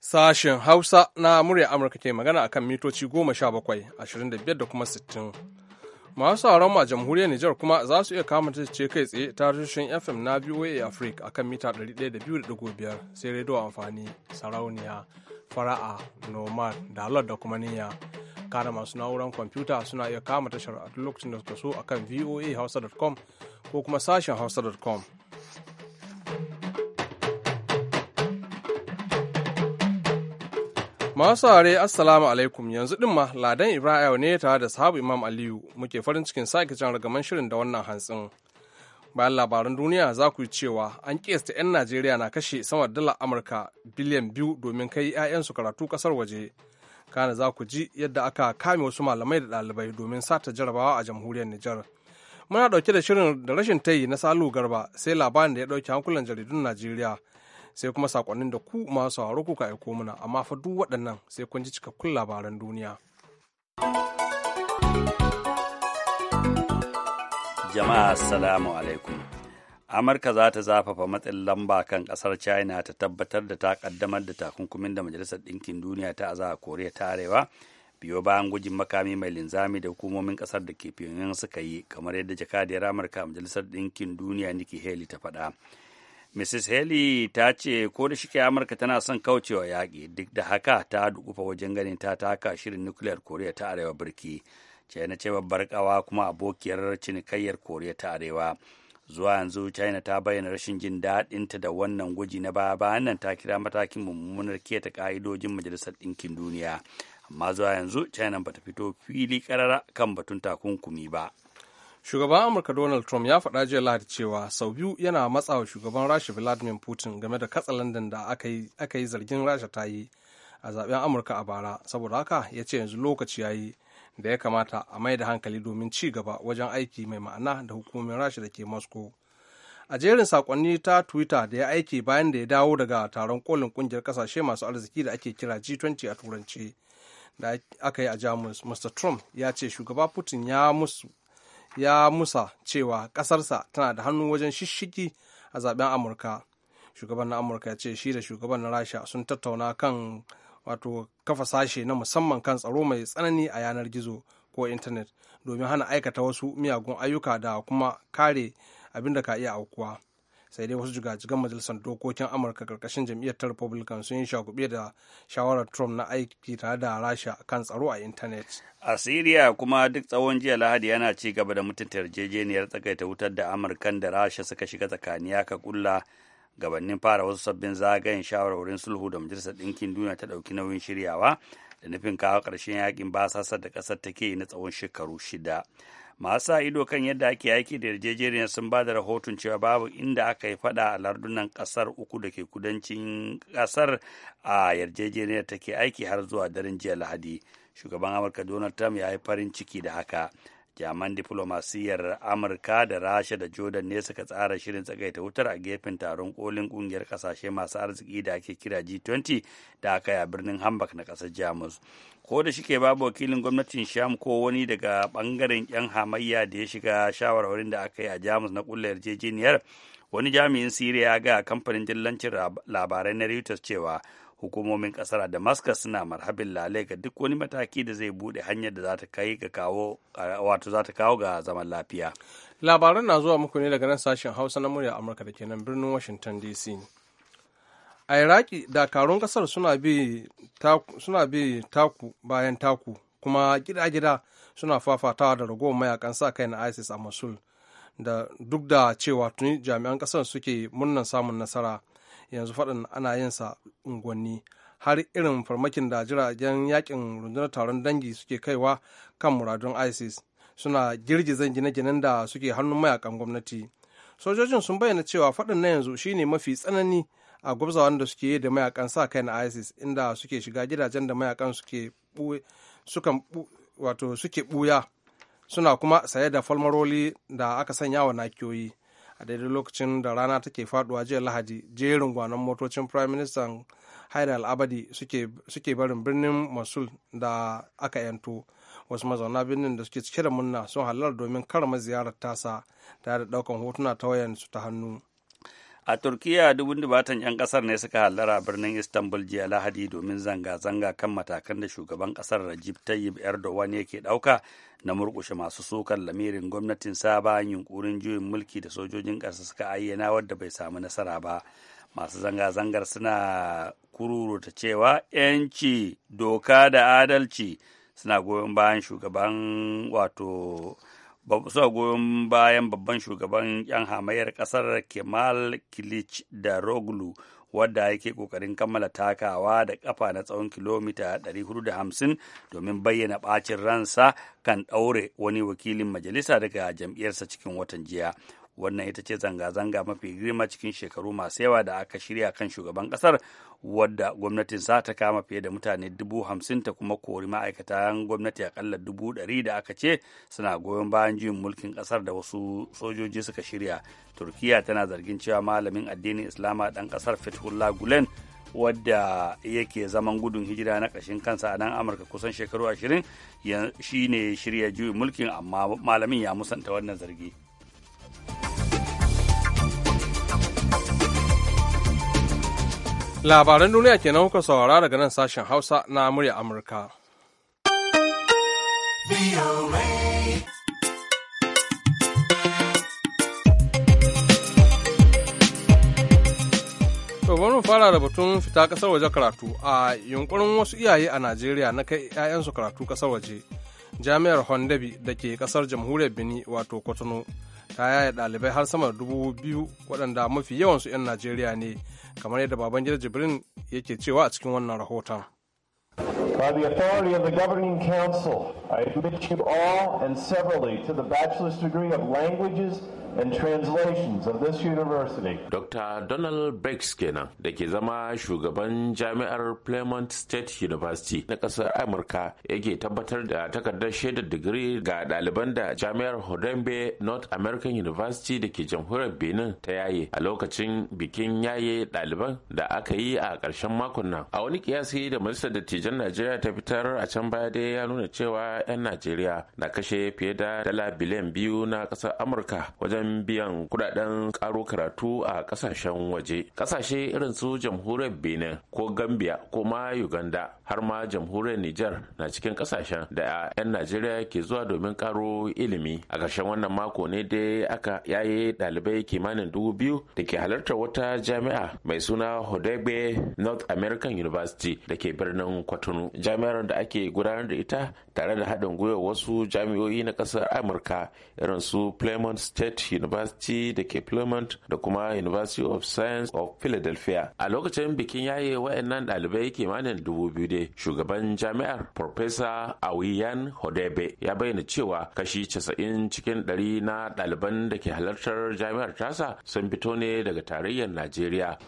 Sashen Hausa na murya Amurka ke magana akan mitoci goma sha bakwai, ashirin da biyar da kuma sittin. Masu sauran a jamhuriyar Nijar kuma za su iya kama ce kai tsaye ta tashoshin FM na VOA Africa akan mita 102.5 sai rediyo amfani sarauniya fara'a nomad da da kuma niyya. kara masu na'urar kwamfuta suna iya kama tashar a duk lokacin da suka so a kan voahausa.com ko kuma sashen hausa.com. Masu are assalamu alaikum yanzu din ma ladan Ibrahim ne tare da sahabu Imam Aliyu muke farin cikin sake jan ragaman shirin da wannan hantsin. Bayan labaran duniya za ku yi cewa an kesta 'yan Najeriya na kashe sama da dala Amurka biliyan biyu domin kai 'ya'yansu karatu kasar waje. kana za ku ji yadda aka kame wasu malamai da ɗalibai domin sata jarabawa a jamhuriyar Nijar. Muna ɗauke da shirin da rashin tayi na Salu Garba sai labarin da ya ɗauke hankulan jaridun Najeriya sai kuma sakonnin da ku masu haro kuka aiko muna amma fa duk waɗannan sai kun ji cikakkun labaran duniya. Jama'a assalamu alaikum. amurka za ta zafafa matsin lamba kan kasar china ta tabbatar da ta kaddamar da takunkumin da majalisar ɗinkin duniya ta aza a koriya ta arewa biyo bayan gujin makami mai linzami da hukumomin ƙasar da ke pyongyang suka yi kamar yadda jakadiyar amurka a majalisar ɗinkin duniya nikki haley ta faɗa mrs haley ta ce ko da shike amurka tana son kaucewa yaƙi duk da haka ta dukufa wajen ganin ta taka shirin nukiliyar koriya ta arewa birki china ce babbar kawa kuma abokiyar cinikayyar koriya ta arewa zuwa yanzu china ta bayyana rashin jin daɗinta da wannan gwaji na baya bayan nan ta kira matakin mummunar keta ka'idojin majalisar ɗinkin duniya amma zuwa yanzu china ba ta fito fili karara kan batun takunkumi ba shugaban amurka donald trump ya faɗa jiya lahadi cewa sau biyu yana matsawa shugaban rasha vladimir putin game da katsalandan da aka yi zargin rasha ta yi a zaben amurka a bara saboda haka ya ce yanzu lokaci ya yi da ya kamata a mai da hankali domin ci gaba wajen aiki mai ma'ana da hukumomin rasha da ke moscow a jerin sakonni ta twitter da ya aiki bayan da ya dawo daga taron kolin kungiyar kasashe masu arziki da ake kira g20 a turanci da aka yi a jamus mr trump ya ce shugaba putin ya musu ya musa cewa kasarsa tana da hannu wajen shishiki a zaben amurka shugaban na amurka ya ce shi da shugaban na rasha sun tattauna kan wato kafa sashe na musamman kan tsaro mai tsanani a yanar gizo ko intanet domin hana aikata wasu miyagun ayyuka da kuma kare abin da ka iya aukuwa sai dai wasu jigajigan majalisar dokokin amurka karkashin jam'iyyar ta republican sun yi shagube da shawarar trump na aiki tare da rasha kan tsaro a intanet a siriya kuma duk tsawon jiya lahadi yana ci gaba da mutunta yarjejeniyar tsakaita wutar da amurkan da rasha suka shiga tsakaniya ka kulla gabanin fara wasu sabbin zagayen shawarwarin sulhu da majalisar ɗinkin duniya ta ɗauki nauyin shiryawa da nufin kawo ƙarshen yakin basasar da ƙasar take na tsawon shekaru shida masu sa ido kan yadda ake aiki da yarjejeniyar sun ba da rahoton cewa babu inda aka yi faɗa a lardunan ƙasar uku da ke kudancin ƙasar a yarjejeniyar take aiki har zuwa daren jiya lahadi shugaban amurka donald trump ya yi farin ciki da haka jaman diflomasiyyar amurka da rasha da jordan ne suka tsara shirin tsagaita wutar a gefen taron kolin kungiyar kasashe masu arziki da ake kira g20 da aka a birnin hamburg na kasar jamus ko da shike babu wakilin gwamnatin sham ko wani daga bangaren yan hamayya da ya shiga shawarwarin da aka yi a jamus na kullayar yarjejeniyar wani jami'in siriya ga kamfanin dillancin labarai na reuters cewa hukumomin kasar damascus suna marhabin lalai ga duk wani mataki da zai bude hanyar da za kai ga kawo wato zata kawo ga zaman lafiya labaran na zuwa muku ne daga nan sashen hausa na murya amurka da ke nan birnin washington dc a iraki dakarun kasar suna bi taku bayan taku kuma gida-gida suna fafatawa da ragowar mayakan sa kai na isis a mosul da duk da cewa tuni jami'an kasar suke murnan samun nasara yanzu faɗin ana yin sa unguwanni har irin farmakin da jiragen yakin rundunar taron dangi suke kaiwa kan muradun isis suna girgizan gine-ginen da suke hannun mayakan gwamnati sojojin sun bayyana cewa faɗin na yanzu shine mafi tsanani a gwabzawan da suke yi da mayakan sa kai na isis inda suke shiga gidajen da mayakan suke ɓuya suke buya suna kuma saye da falmaroli da aka sanya wa nakiyoyi a daidai lokacin da rana take faduwa jiya lahadi jerin gwanon motocin prime minister haida al'abadi suke barin birnin mosul da aka yanto wasu mazauna birnin da suke cike da munna sun halar domin karama ziyarar tasa tare da daukan hotuna ta wayan su ta hannu a turkiya dubun dubatan 'yan kasar ne suka hallara birnin istanbul jiya lahadi domin zanga-zanga kan matakan da shugaban kasar rajib tayyip erdogan yake ɗauka na murkushe masu sukar lamirin gwamnatin sa bayan yunkurin juyin mulki da sojojin ƙasa suka ayyana wadda bai samu nasara ba masu zanga-zangar suna kururuta cewa 'yanci doka da adalci suna goyon bayan shugaban wato a goyon bayan babban shugaban 'yan hamayyar kasar kemal kilich da roglu wadda yake kokarin kammala takawa da kafa na tsawon kilomita 450 domin bayyana bacin ransa kan ɗaure wani wakilin majalisa daga jam'iyyarsa cikin watan jiya wannan ita ce zanga-zanga mafi girma cikin shekaru masu yawa da aka shirya kan shugaban kasar wadda gwamnatin sa ta kama fiye da mutane dubu hamsin ta kuma kori ma'aikatan gwamnati akalla dubu ɗari da aka ce suna goyon bayan juyin mulkin kasar da wasu sojoji suka shirya turkiya tana zargin cewa malamin addinin islama dan kasar fethullah gulen wadda yake zaman gudun hijira na ƙashin kansa a nan amurka kusan shekaru ashirin shi ne shirya juyin mulkin amma malamin ya musanta wannan zargi. Labaran duniya kenan kuka saurara daga nan sashen Hausa na murya Amurka. To bari mu fara da batun fita kasar waje karatu a yunkurin wasu iyaye a Najeriya na kai 'ya'yansu karatu kasar waje. Jami'ar Hondabi da ke kasar jamhuriyar Bini wato Kotonou ta yaya har sama dubu biyu waɗanda mafi yawansu 'yan najeriya ne kamar yadda babangida jibrin yake cewa a cikin wannan rahoton By the authority of the governing council, I admit you all and severally to the bachelor's degree of languages and translations of this Dr. Donald Briggs kenan da ke zama shugaban jami'ar Plymouth State University na ƙasar Amurka yake tabbatar da takardar shaidar digiri ga ɗaliban da jami'ar Hodembe North American University da ke jamhuriyar Benin ta yaye a lokacin bikin yaye ɗaliban da aka yi a ƙarshen makon nan. A wani kiyasi da Majalisar Dattijan Najeriya ta fitar a can baya dai ya nuna cewa 'yan Najeriya na kashe fiye da dala biliyan biyu na ƙasar Amurka wajen wajen biyan kudaden karo karatu a kasashen waje kasashe irin su jamhuriyar benin ko gambia ko ma uganda har ma jamhuriyar niger na cikin kasashen da 'yan najeriya ke zuwa domin karo ilimi a ƙarshen wannan mako ne dai aka yaye ɗalibai kimanin dubu biyu da ke halartar wata jami'a mai suna hodegbe north american university da ke birnin kwatano jami'ar da ake gudanar da ita tare da haɗin gwiwa wasu jami'o'i na ƙasar amurka irin su plymouth state University da ke Plymouth da kuma University of Science of Philadelphia. A lokacin bikin yaye waɗannan ɗalibai kimanin dubu biyu ne shugaban jami'ar Professor Awiyan Hodebe ya bayyana cewa kashi casa'in cikin ɗari na ɗaliban da ke halartar jami'ar tasa sun fito ne daga tarayyar Najeriya.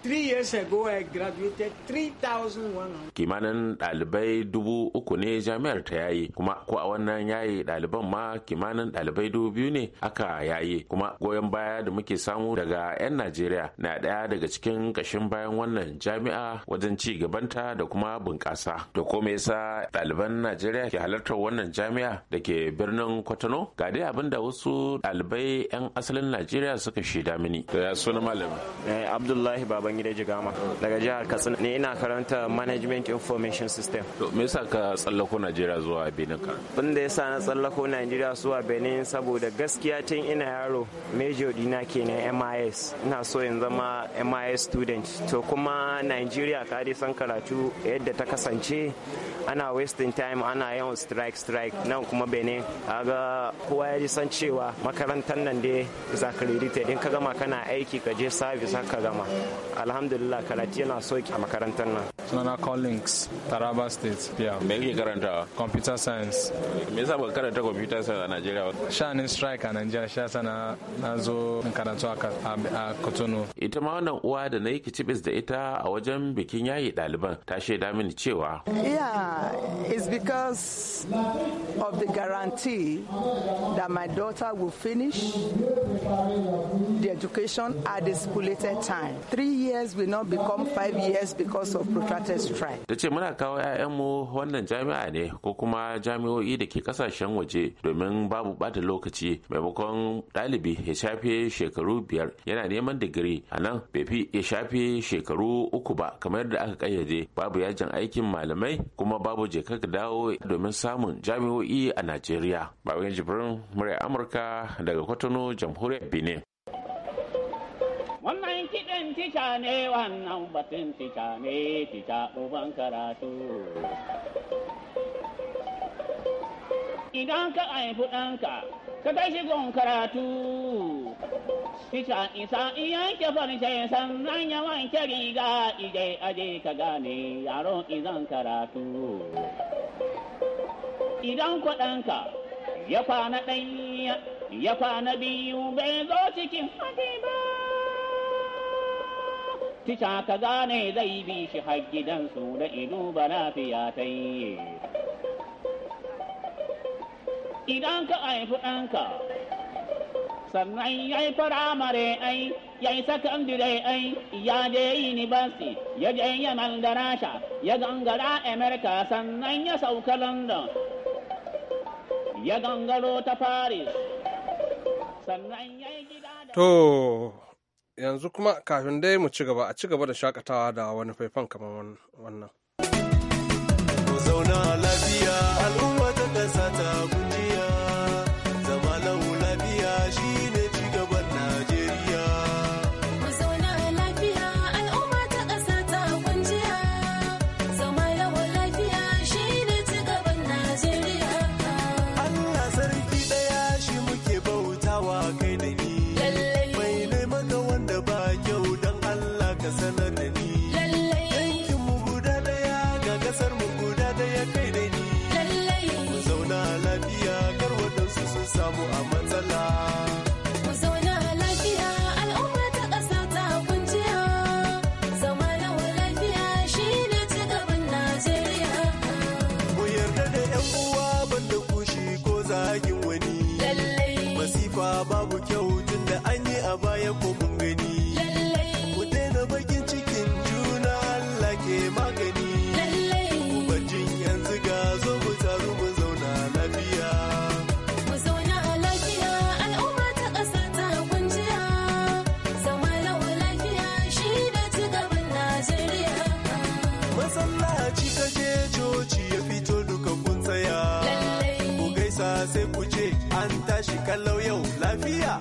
Kimanin ɗalibai dubu uku ne jami'ar ta yayi kuma ko a wannan yayi ɗaliban ma kimanin ɗalibai dubu biyu ne aka yayi kuma goyon baya da muke samu daga 'yan najeriya na ɗaya daga cikin ƙashin bayan wannan jami'a wajen ci gabanta da kuma bunƙasa da me yasa ɗaliban najeriya ke halartar wannan jami'a da ke birnin kwatano ga dai abin da wasu ɗalibai 'yan asalin najeriya suka shaida mini da ya suna malam eh, abdullahi baban gida jigama daga jihar katsina ne ina karanta management information system to me yasa ka tsallako najeriya zuwa benin ka abin da yasa na tsallako najeriya zuwa benin saboda gaskiya tun ina yaro major dina kenan mis ina so in zama mis student to kuma nigeria ka dai san karatu yadda ta kasance ana wasting time ana yawan strike strike nan kuma benin kaga kowa ya san cewa makarantar nan dai is accredited in ka gama kana aiki ka je service ka gama alhamdulillah karatu yana so a makarantar nan sunana collins taraba state biya me yake karanta computer science me yasa ba karanta computer science a nigeria shanin strike a nigeria sha sana na zo karatu a Ita ma wannan uwa da na yi kicibis da ita a wajen bikin yayi ɗaliban ta shaida mini cewa. Yeah, it's because of the guarantee that my daughter will finish the education at the stipulated time. Three years will not become five years because of protracted strike. Ta ce muna kawo 'ya'yanmu wannan jami'a ne ko kuma jami'o'i da ke kasashen waje domin babu bata lokaci maimakon ɗalibi ya shafe shekaru biyar yana neman digiri a nan bai fi ya shafe shekaru uku ba kamar yadda aka kayyade babu yajin aikin malamai kuma babu jeka dawo domin samun jami'o'i a najeriya baban jibirin murya amurka daga kwatano jamhuriyar benin wannan kiɗin tica ne wannan batun tica ne tica uban karatu Idan ka haifi ɗanka, ka kai shi gun karatu. Isa isa iya ke farce sannan ya wanke riga ije aje ka gane yaro izan karatu. Idan ɗanka ya kwana ɗanya, ya kwana biyu bai zo cikin haɗe ba. Tisha ka gane zai bi shi har gidansu da ido ba fiya ta yi. idan ka haifi ɗanka sannan ya yi firamare ai ya yi sakandire ai ya je basi ya je yaman da rasha ya gangara amerika sannan ya sauka london ya gangaro ta paris sannan ya yi gida da to yanzu kuma kafin dai mu ci gaba a ci gaba da shakatawa da wani faifan kamar wannan zauna kallau yau lafiya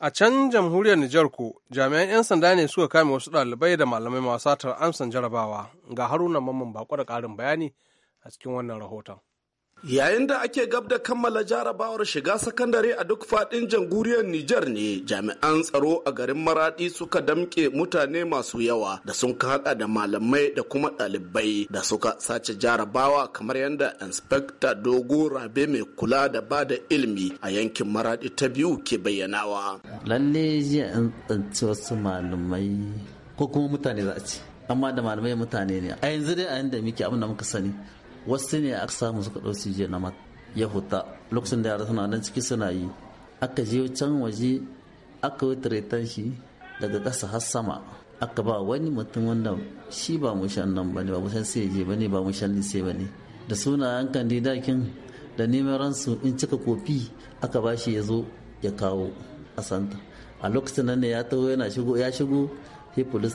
A can jamhuriyar Nijar ko jami'an 'yan sanda ne suka kame wasu ɗalibai da malamai masu satar amsan jarabawa ga haruna mamman bako da ƙarin bayani a cikin wannan rahoton. Yayin da ake gab da kammala jarabawar shiga sakandare a duk fadin janguriyar Nijar ne jami'an tsaro a garin Maradi suka damke mutane masu yawa da sun haɗa da malamai da kuma ɗalibai da suka sace jarabawa kamar yadda Inspector Dogo Rabe mai kula da ba da ilimi a yankin Maradi ta biyu ke bayyanawa. Lalle ji an tsanci wasu malamai ko kuma mutane za a ce. amma da malamai mutane ne a yanzu dai a yanda muke abin da muka sani wasu ne aka samu suka ɗau je na mat ya huta lokacin da yara suna nan ciki suna yi aka je can waje aka yi tiretan shi daga ƙasa har sama aka ba wani mutum wanda shi ba mu shan nan ba ne ba mushan sai je ne ba mu sai lise ne. da sunayen kandidakin da neman ransu in cika kofi aka ba shi ya zo ya kawo a santa a lokacin nan ne ya taho yana shigo ya shigo sai polis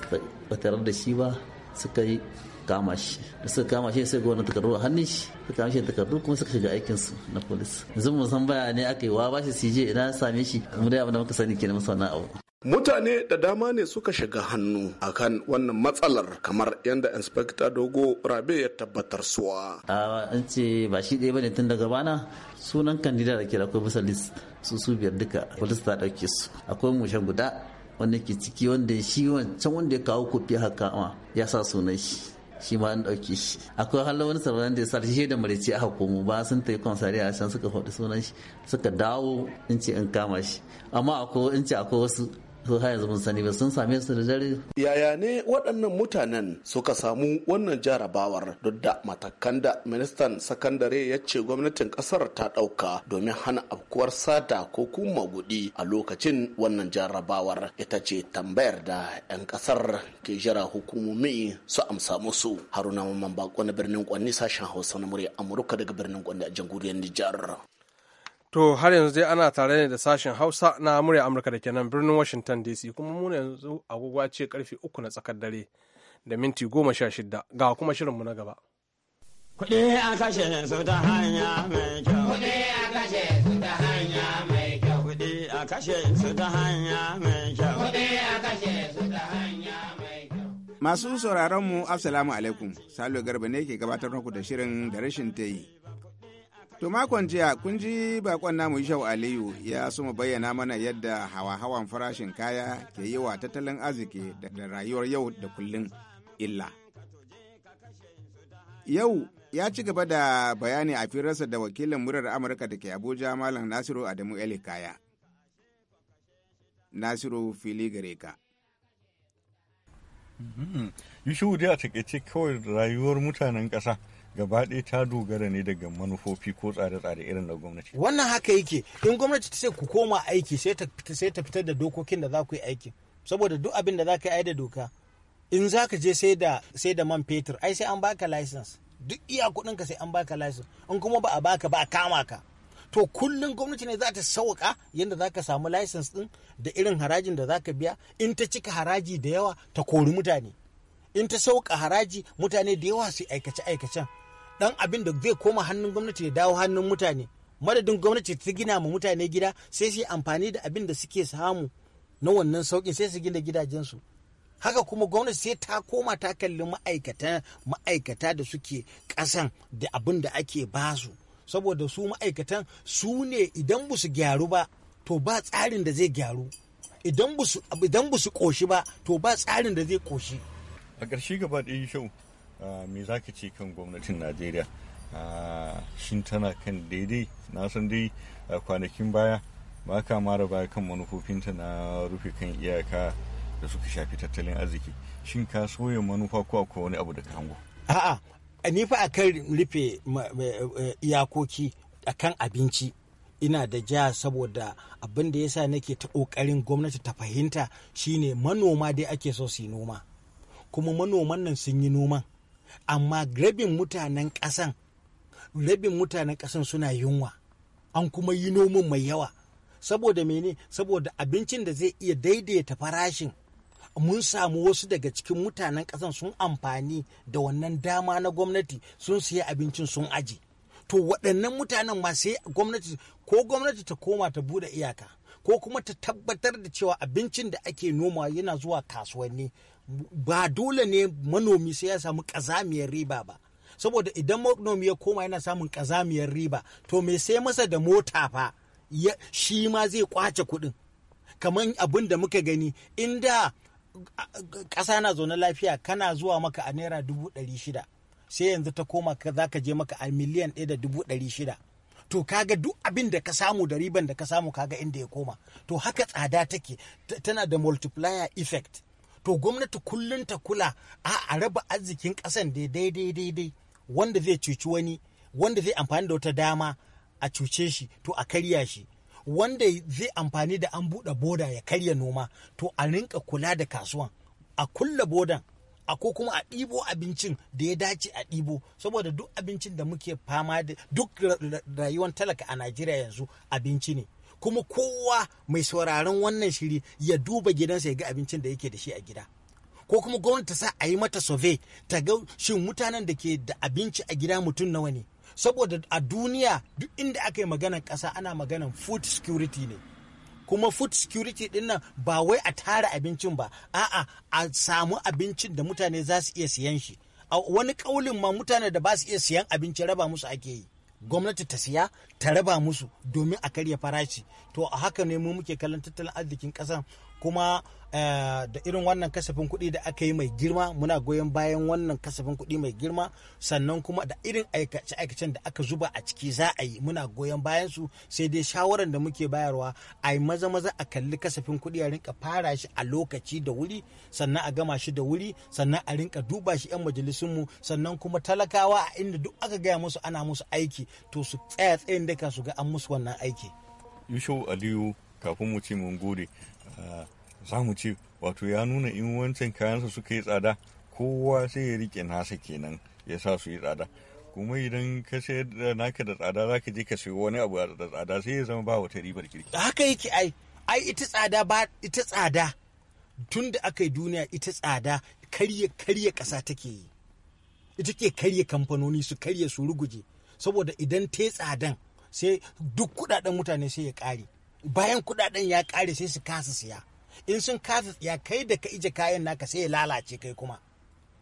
ba tare da shi ba suka yi kama shi da suka kama shi sai gwamnati takardu a hannun shi suka kama shi takardu kuma suka shiga aikin su na polis yanzu mun san baya ne aka yi wa shi CJ ina same shi mu dai abin da muka sani kenan masana abu mutane da dama ne suka shiga hannu akan wannan matsalar kamar yadda inspector dogo rabe ya tabbatar suwa a an ce ba shi ɗaya bane tun daga bana sunan kandida da ke da akwai bisa list su su biyar duka polis ta ɗauke su akwai mushen guda wanda ke ciki wanda shi wancan wanda ya kawo kofi haka ya sa sunan shi shi ma an ɗauke shi akwai halin wani sauran da ya shi da marici a hukumu ba sun ta yi kwansari a can suka faɗi sunan shi suka dawo in ce in kama shi amma akwai in ce akwai wasu su haya zaman sani ba sun same su da dare. Yaya ne waɗannan mutanen suka samu wannan jarabawar duk da matakan da ministan sakandare ya ce gwamnatin ƙasar ta ɗauka domin hana afkuwar sata ko kuma gudi a lokacin wannan jarabawar ita ce tambayar da 'yan ƙasar ke jira hukumomi su amsa musu. Haruna Mamman Bako na birnin Kwanni sashen Hausa na murya Amurka daga birnin Kwanni a jamhuriyar Nijar. To har yanzu dai ana tare ne da sashen Hausa na murya Amurka da kenan birnin Washington DC kuma muna yanzu agogwa ce karfe uku na tsakar dare da minti goma sha shida ga kuma shirinmu na gaba. Kuɗi a kashe su ta hanya mai kyau. Kuɗi a kashe su ta hanya mai kyau. Kuɗi a kashe su ta hanya mai kyau. Kuɗi a kashe su ta hanya mai kyau. Masu sauraron mu Assalamu alaikum. Salo Garba ne ke gabatar muku da shirin da rashin ta yi. To makon jiya kun ji bakon namu Ishau Aliyu ya suma bayyana mana yadda hawa-hawan farashin kaya ke yi wa tattalin arziki da rayuwar yau da kullun illa. Yau ya ci gaba da bayani a firarsa da wakilin murar Amurka da ke Abuja Malam Nasiru Adamu Eli Kaya. Nasiru Fili Gareka. Mm-hmm. Yushu dai a takaice kawai rayuwar mutanen ƙasa. gaba ɗaya ta dogara ne daga manufofi ko tsare-tsare irin na gwamnati. Wannan haka yake in gwamnati ta ce ku koma aiki sai ta fitar da dokokin da za ku yi aiki saboda duk abin da za ka yi da doka in za ka je sai da man fetur ai sai an baka license duk iya kuɗin ka sai an baka license in kuma ba a baka ba a kama ka to kullum gwamnati ne za ta sauka yadda za ka samu license ɗin da irin harajin da za ka biya in ta cika haraji da yawa ta kori mutane in ta sauka haraji mutane da yawa su aikace-aikacen dan abin da zai koma hannun gwamnati ya dawo hannun mutane madadin gwamnati ta gina ma mutane gida sai su amfani da abin da suke samu na wannan sauƙin sai su gina gidajensu haka kuma gwamnati sai ta koma ta kalli ma'aikata ma'aikata da suke ƙasan da abin da ake basu saboda su ma'aikatan su ne idan ba su gyaru ba to ba tsarin da zai gyaru idan ba su ƙoshi ba to ba tsarin da zai koshi a ƙarshe gaba ɗaya shau me za ka ce kan gwamnatin najeriya shin tana kan daidai na san dai kwanakin baya ba ka mara baya kan manufofinta na rufe kan iyaka da suka shafi tattalin arziki shin ka soya manufa ko akwai wani abu da ka hango a'a ni fa akan rufe e, iyakoki akan abinci ina da ja saboda abin da yasa nake ta kokarin gwamnati ta fahimta shine manoma dai ake so su yi noma kuma manoman nan sun yi noman amma rabin mutanen ƙasan rabin mutanen ƙasan suna yunwa an kuma yi nomin mai yawa saboda mene saboda abincin da zai iya daidaita farashin mun samu wasu daga cikin mutanen ƙasan sun amfani da wannan dama na gwamnati sun siya abincin sun aji to waɗannan mutanen ma sai gwamnati ko gwamnati ta koma ta bude iyaka ko kuma ta tabbatar da cewa abincin da ake noma yana zuwa kasuwanni ba dole ne manomi sai ya samu ƙazamiyar riba ba saboda idan manomi ya koma yana samun ƙazamiyar riba to mai sai masa da mota fa shi ma zai kwace kuɗin kamar abin da muka gani inda ƙasa na zaune lafiya kana zuwa maka a naira dubu ɗari shida sai yanzu ta koma za ka je maka a miliyan ɗaya da dubu ɗari shida to kaga duk abin da ka samu da riban da ka samu kaga inda ya koma to haka tsada take tana da multiplier effect to gwamnati kullum ta kula a a raba arzikin ƙasan daidai daidai wanda zai cuci wani wanda zai amfani da wata dama a cuce shi to a karya shi wanda zai amfani da an buɗe boda ya karya noma to a rinka kula da kasuwan a kulla bodan a ko kuma a ɗibo abincin da ya dace a ɗibo saboda duk abincin da muke fama da duk rayuwar talaka a najeriya yanzu abinci ne kuma kowa mai sauraron wannan shiri ya duba gidansa ya ga abincin da yake da shi a gida ko kuma gwamnati ta sa a yi mata sove ta ga shin mutanen da ke da abinci a gida mutum nawa ne saboda a duniya duk inda aka yi maganar ƙasa ana maganar food security ne kuma food security din nan ba wai a tara abincin ba a'a a samu abincin da mutane za su iya siyan shi a wani ƙaulin ma mutane da ba su iya siyan abinci raba musu ake yi gwamnati ta siya ta raba musu domin a karya farashi to a haka ne mu muke kallon tattalin arzikin ƙasar kuma eh, da irin wannan kasafin kuɗi da aka yi mai girma muna goyon bayan wannan kasafin kuɗi mai girma sannan kuma da irin aikace-aikacen da aka zuba a ciki za a yi muna goyon bayan su sai dai shawaran da muke bayarwa a yi maza-maza a kalli kasafin kuɗi a rinka fara shi a lokaci da wuri sannan a gama shi da wuri sannan a rinka duba shi 'yan majalisunmu sannan kuma talakawa a inda duk aka gaya musu ana musu aiki to su tsaya tsayin daka su ga an musu wannan aiki. Yusuf Aliyu kafin mu ce mun gode. Ah, za mu ce wato ya nuna in wancan kayansa suka yi tsada kowa sai ya rike nasa kenan ya sa su yi tsada kuma idan ka sayar da naka da tsada za ka je ka sayo wani abu da tsada sai ya zama ba wata ribar kirki haka yake ai ai ita tsada ba ita tsada tun da aka yi duniya ita tsada karye-karye kasa take yi ita ke karya kamfanoni su karye su ruguje saboda idan ta tsadan sai duk kudaden mutane sai ya kare bayan kudaden ya kare sai su kasa siya in sun kasa ya kai da ka ije kayan naka sai ya lalace kai kuma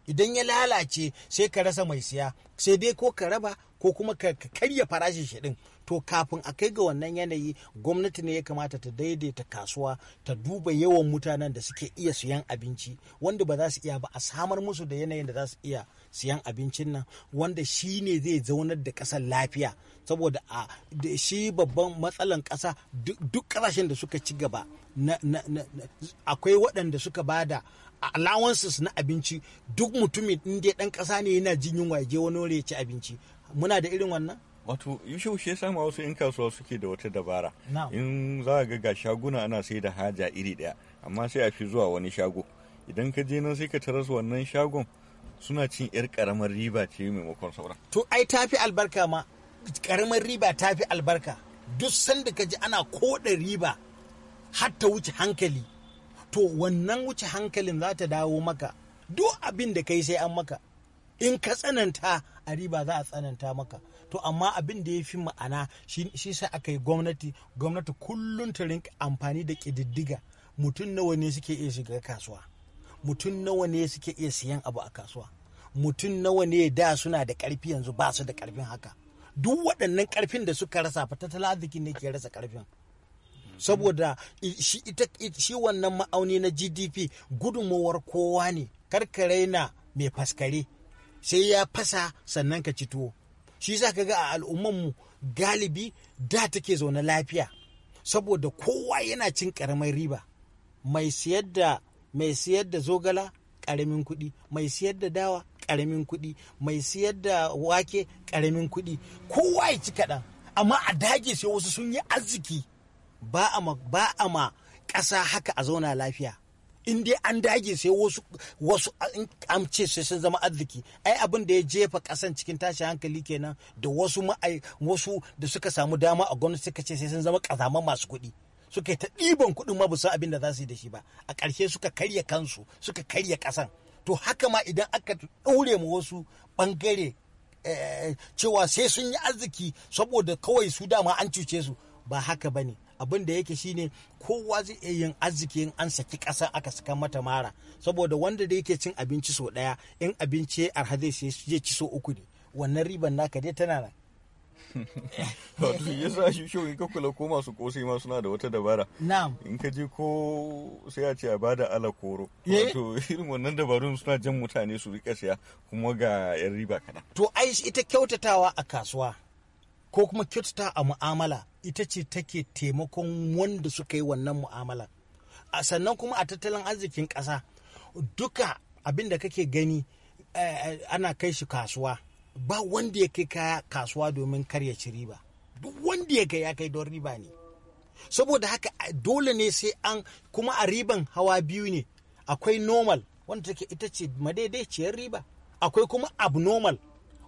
idan ya lalace sai ka rasa mai siya sai dai ko ka raba ko kuma ka karya farashin shi din to kafin a kai ga wannan yanayi gwamnati ne ya kamata ta daidaita kasuwa ta duba yawan mutanen da suke iya siyan abinci wanda ba za su iya ba a samar musu da yanayin da za su iya siyan abincin nan wanda shi ne zai zaunar da ƙasar lafiya saboda a shi babban matsalan kasa duk ƙasashen da suka ci gaba akwai waɗanda suka bada allowances na abinci duk mutumin inda ɗan kasa ne yana jin yunwa ya je wani wuri ya ci abinci muna da irin wannan wato yushewu shi samu wasu in kasuwa suke da wata dabara in za ga ga shaguna ana sai da haja iri daya amma sai a fi zuwa wani shago idan ka je nan sai ka taras wannan shagon suna cin yar karamar riba ce maimakon sauran to ai tafi albarka ma karamar riba tafi albarka duk sanda ka ji ana koda riba har ta wuce hankali to wannan wuce hankalin za ta dawo maka duk abin da kai sai an maka in ka tsananta a riba za a tsananta maka to amma abin da ya fi ma'ana shi sai aka yi gwamnati gwamnati kullum ta rinka amfani da ƙididdiga mutum nawa ne suke iya shiga kasuwa mutum nawa ne suke iya siyan abu a kasuwa mutum nawa ne da suna da karfi yanzu ba su da karfin haka duk waɗannan karfin da suka rasa fa tattalin arziki ne ke rasa karfin saboda shi wannan ma'auni na gdp gudunmawar kowa ne karkarai na mai faskare sai ya fasa sannan ka ci tuwo shi za ka ga a al'ummanmu galibi da take zaune lafiya saboda kowa yana cin karamar riba mai siyar da mai siyar da zogala karamin kuɗi mai siyar da dawa ƙaramin kuɗi mai siyar da wake ƙaramin kuɗi kowa ya ci kaɗan amma a dage sai wasu sun yi arziki ba a ma ƙasa haka a zauna lafiya in dai an dage sai wasu wasu an ce sai sun zama arziki ai abin da ya jefa kasan cikin tashin hankali kenan da wasu wasu da suka samu dama a gwamnati suka ce sai sun zama kazaman masu kuɗi suka ta ɗiban kuɗin ma san abin da za su yi da shi ba a ƙarshe suka karya kansu suka karya ƙasan to haka ma idan aka ɗaure ma wasu ɓangare eh, cewa sai sun yi arziki saboda kawai su dama an cuce su ba haka ba ne abin da yake shine kowa zai iya yin arziki in an saki ƙasa aka saka mata mara saboda wanda da yake cin abinci sau ɗaya in abinci arha zai ci sau uku ne wannan riban naka dai tana nan wato shi yasa shi shi ka kula ko masu kosai ma suna da wata dabara in ka je ko sai a ce a bada ala koro eh? wato irin wannan dabarun suna jan mutane su rika siya kuma ga yan riba kana to ai ita kyautatawa a kasuwa ko kuma kyautata a mu'amala ita ce take taimakon wanda suka yi wannan mu'amala a sannan kuma a tattalin arzikin ƙasa duka abin da kake gani eh, eh, ana kai shi kasuwa ba wanda ya kai kaya kasuwa domin karya ci riba duk wanda ya kai ya kai don riba ne saboda haka dole ne sai an kuma a riban hawa biyu ne akwai normal wanda take ita ce madaidaiciyar riba akwai kuma abnormal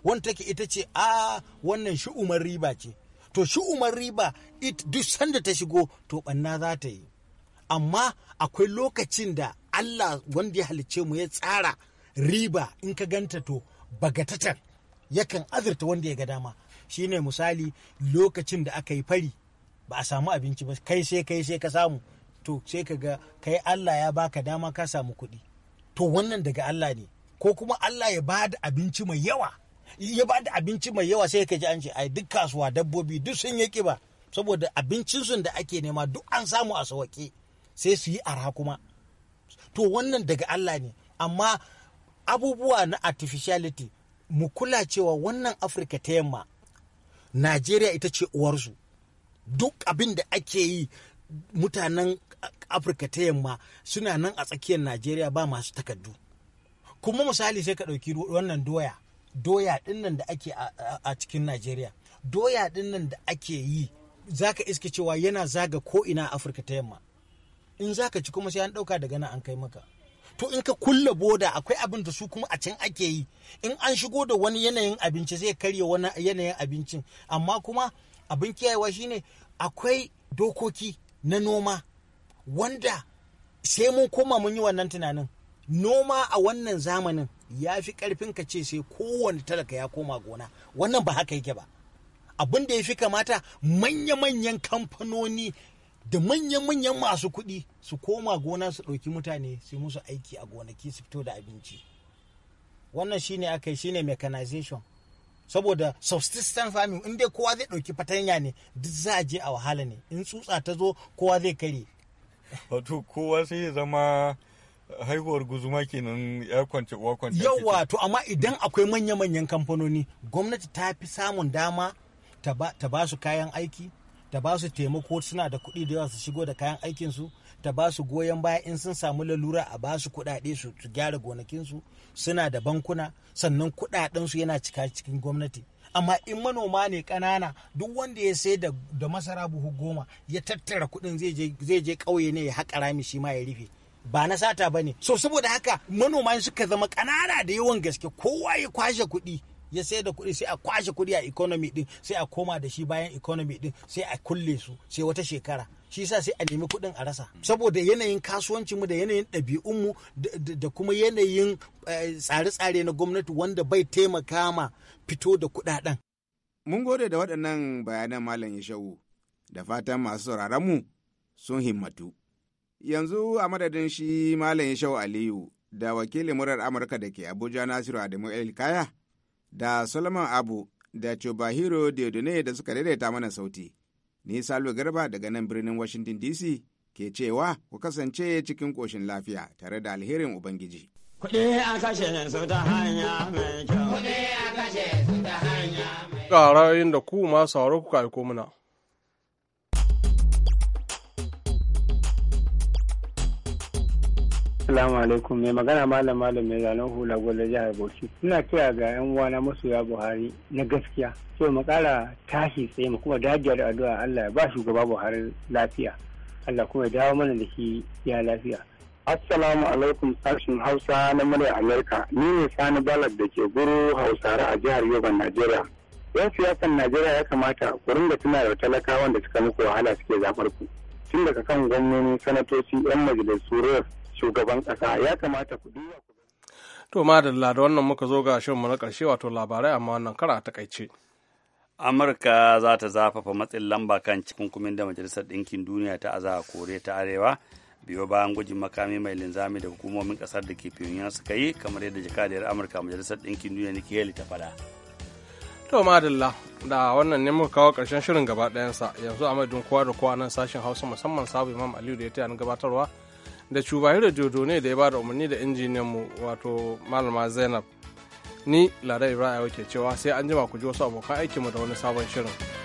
wanda take ita ce a wannan shi'umar riba ce to shi'umar riba it duk sanda ta shigo to banna za ta yi amma akwai lokacin da Allah wanda ya halicce mu ya tsara riba in ka ganta to bagatatar yakan azurta wanda ya ga dama shine misali lokacin da aka yi fari ba a samu abinci ba kai sai kai sai ka samu to sai ka ga kai Allah ya baka dama ka samu kuɗi to wannan daga Allah ne ko kuma Allah ya ba da abinci mai yawa ya ba da abinci mai yawa sai ka ji an ce ai duk kasuwa dabbobi duk sun yi kiba saboda abincin sun da ake nema duk an samu a sawake sai su yi arha kuma to wannan daga Allah ne amma abubuwa na artificiality mu kula cewa wannan afirka ta yamma najeriya ita ce uwarsu duk abin da ake yi mutanen afirka ta yamma suna nan a tsakiyar najeriya ba masu takardu kuma misali sai ka ɗauki wannan doya doya ɗinnan da ake a cikin najeriya doya ɗinnan da ake yi zaka iske cewa yana zaga ko ina afirka ta yamma in zaka ci kuma sai an ɗauka daga nan an kai maka to in ka kulle boda akwai abin da su kuma a can ake yi in an shigo da wani yanayin abinci zai karya wani yanayin abincin amma kuma abin kiyayewa shine akwai dokoki na noma wanda sai mun koma mun yi wannan tunanin noma a wannan zamanin ya fi karfin ka ce sai kowane talaka ya koma gona wannan ba haka yake ba abin da ya fi kamata manya-manyan kamfanoni da manyan-manyan masu kuɗi su koma gona su ɗauki mutane su musu aiki a gonaki su fito da abinci wannan shine aka yi shine mechanization saboda subsistence farming in dai kowa zai ɗauki fatanya ne duk za a je a wahala ne in tsutsa ta zo kowa zai kare wato kowa sai ya zama haihuwar guzuma kenan ya kwance uwa kwance yawa to amma idan akwai manya-manyan kamfanoni gwamnati ta fi samun dama ta ba su kayan aiki ta ba su taimako suna da kuɗi da yawa su shigo da kayan aikinsu ta ba su goyon baya in sun samu lalura a ba su kuɗaɗe su gyara gonakinsu suna da bankuna sannan kuɗaɗensu yana cika cikin gwamnati amma in manoma ne ƙanana duk wanda ya sai da, da masara buhu goma ya tattara kuɗin zai je ƙauye ne ya haƙa rami shi ma ya rufe ba na sata ba ne so saboda haka manoma suka zama ƙanana da yawan gaske kowa ya kwashe kuɗi ya sai da kuɗi sai a kwashe kuɗi a economy din sai a koma da shi bayan economy din sai a kulle su sai wata shekara shi yasa sai a nemi kuɗin a rasa mm. saboda yanayin kasuwancin mu da yanayin ɗabi'un mu da kuma yanayin eh, tsare-tsare na gwamnati wanda bai taimaka ma fito da kuɗaɗen. Mun gode da waɗannan bayanan Malam Yashau da fatan masu sauraron mu sun himmatu. Yanzu a madadin shi Malam Yashau Aliyu da wakilin murar Amurka da ke Abuja Nasiru Adamu El Kaya da Solomon Abu da Chobahiro Diodone da suka daidaita mana sauti. Ni Salwa Garba daga nan birnin Washington DC ke cewa ku kasance cikin koshin lafiya tare da alherin Ubangiji. Kuɗi a kashe su ta hanya mai kyau. Kuɗi a kashe su ta hanya mai kyau. Ƙarayin da ku masu sauro kuka aiko mana. Assalamu alaikum mai magana malam malam mai zanen hula gwada jihar Bauchi. Ina kira ga yan uwana masoya Buhari na gaskiya. So mu kara tashi tsaye mu kuma dajiya da addu'a Allah ya ba shugaba Buhari lafiya. Allah kuma ya dawo mana da shi ya lafiya. Assalamu alaikum sashen Hausa na murya Amerika. Ni ne Sani Balad da ke guru Hausare a jihar Yoruba Najeriya. Yan siyasar Najeriya ya kamata ku ringa tuna da talakawan da suka muku wahala suke zaɓar ku. Tun daga kan gwamnoni, sanatoci, 'yan majalisu, shugaban ƙasa ya kamata ku duba to madalla da wannan muka zo ga shirinmu na ƙarshe wato labarai amma wannan kara ta kaice amurka za ta zafafa matsin lamba kan cikin kumin da majalisar ɗinkin duniya ta aza kore ta arewa biyo bayan gwajin makami mai linzami da hukumomin ƙasar da ke pyongyang suka yi kamar yadda jakadiyar amurka majalisar ɗinkin duniya nikki ke ta faɗa to madalla da wannan ne muka kawo karshen shirin gaba ɗayansa yanzu a madadin kowa da kowa nan sashen hausa musamman sabu imam aliyu da ya taya gabatarwa da Cubahiro Jojo ne da ya ba da umarni da injiniyan mu wato Malama Zainab. Ni lada Ibrahim ke cewa sai an jima ku ji wasu abokan aikinmu da wani sabon shirin.